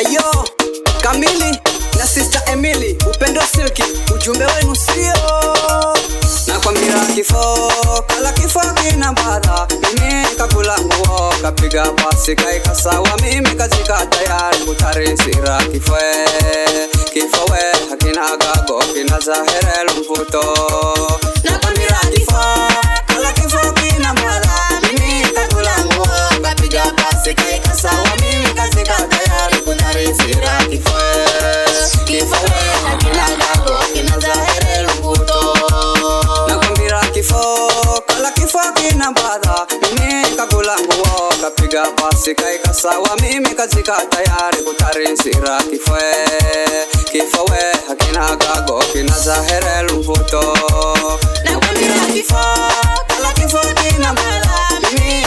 ayo Kamili na Sister Emily, upendo silki, ujumbe wenu sio nakwambia, kifo kala kifo kina badha Mimi kakula nguo kapiga pasi kaika mimi kazika tayari mutari sira kifoe kifowe hakina gago kina zaherelo mvuto Kapiga pasi kaika sawa, mimi kazika tayari kutari sira kifwe kifawe hakina gago kina zahere lumputo nakwambia kifo kala kifo kina bala mimi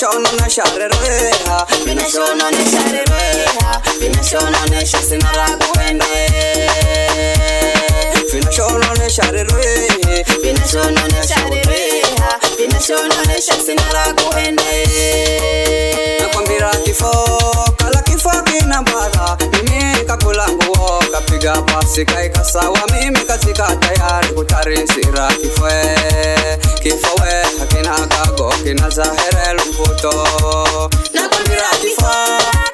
Sono una sciarrera Bine sono una sciarrera Bine sono una sciarrera Bine sono una sciarrera Bine sono una sciarrera Bine sono una hapa sikae kasawa, mimi katika tayari kutarisira kifwe kifowe hakina kago kina zahere lumputo nakwambira kifwa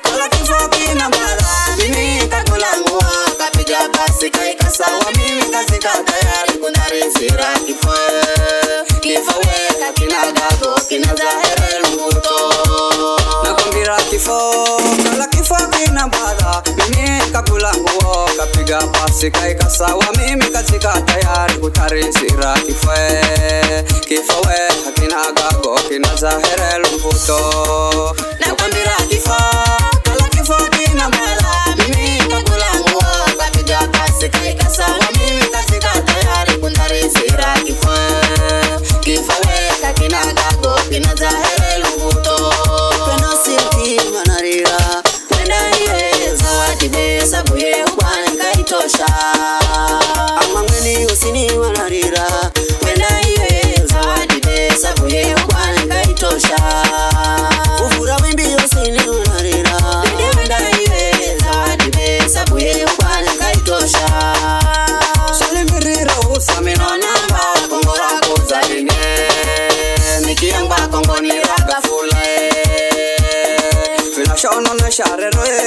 kala kifwa kina mara mimi kakulangua kapija basi kae kasawa, mimi katika tayari kutarisira Piga pasi kaika mimi katika tayari kutarisira kifwe kifwe hakina gago kina zahere lumbuto nakwambira kifaa inanitosha, ama mweni usini walarira wenaiweza adidesa vuye ukwani ngaitosha uvura wimbi usini walarira dede wenaiweza adidesa vuye ukwani ngaitosha solemirira usaminona mbakongora kuzaline mikiyangbakongoniragafule filashononasharera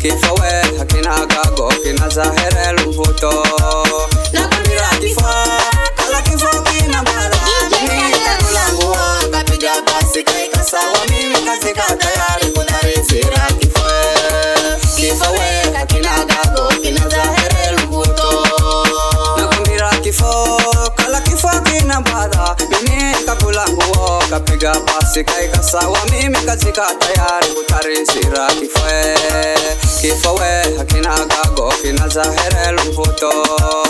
que fue, aquí en Acago, que en piga pasi kaika sawa, mimi kazika tayari, utari sira kifae kifawe, hakina gago kinazahere lumputo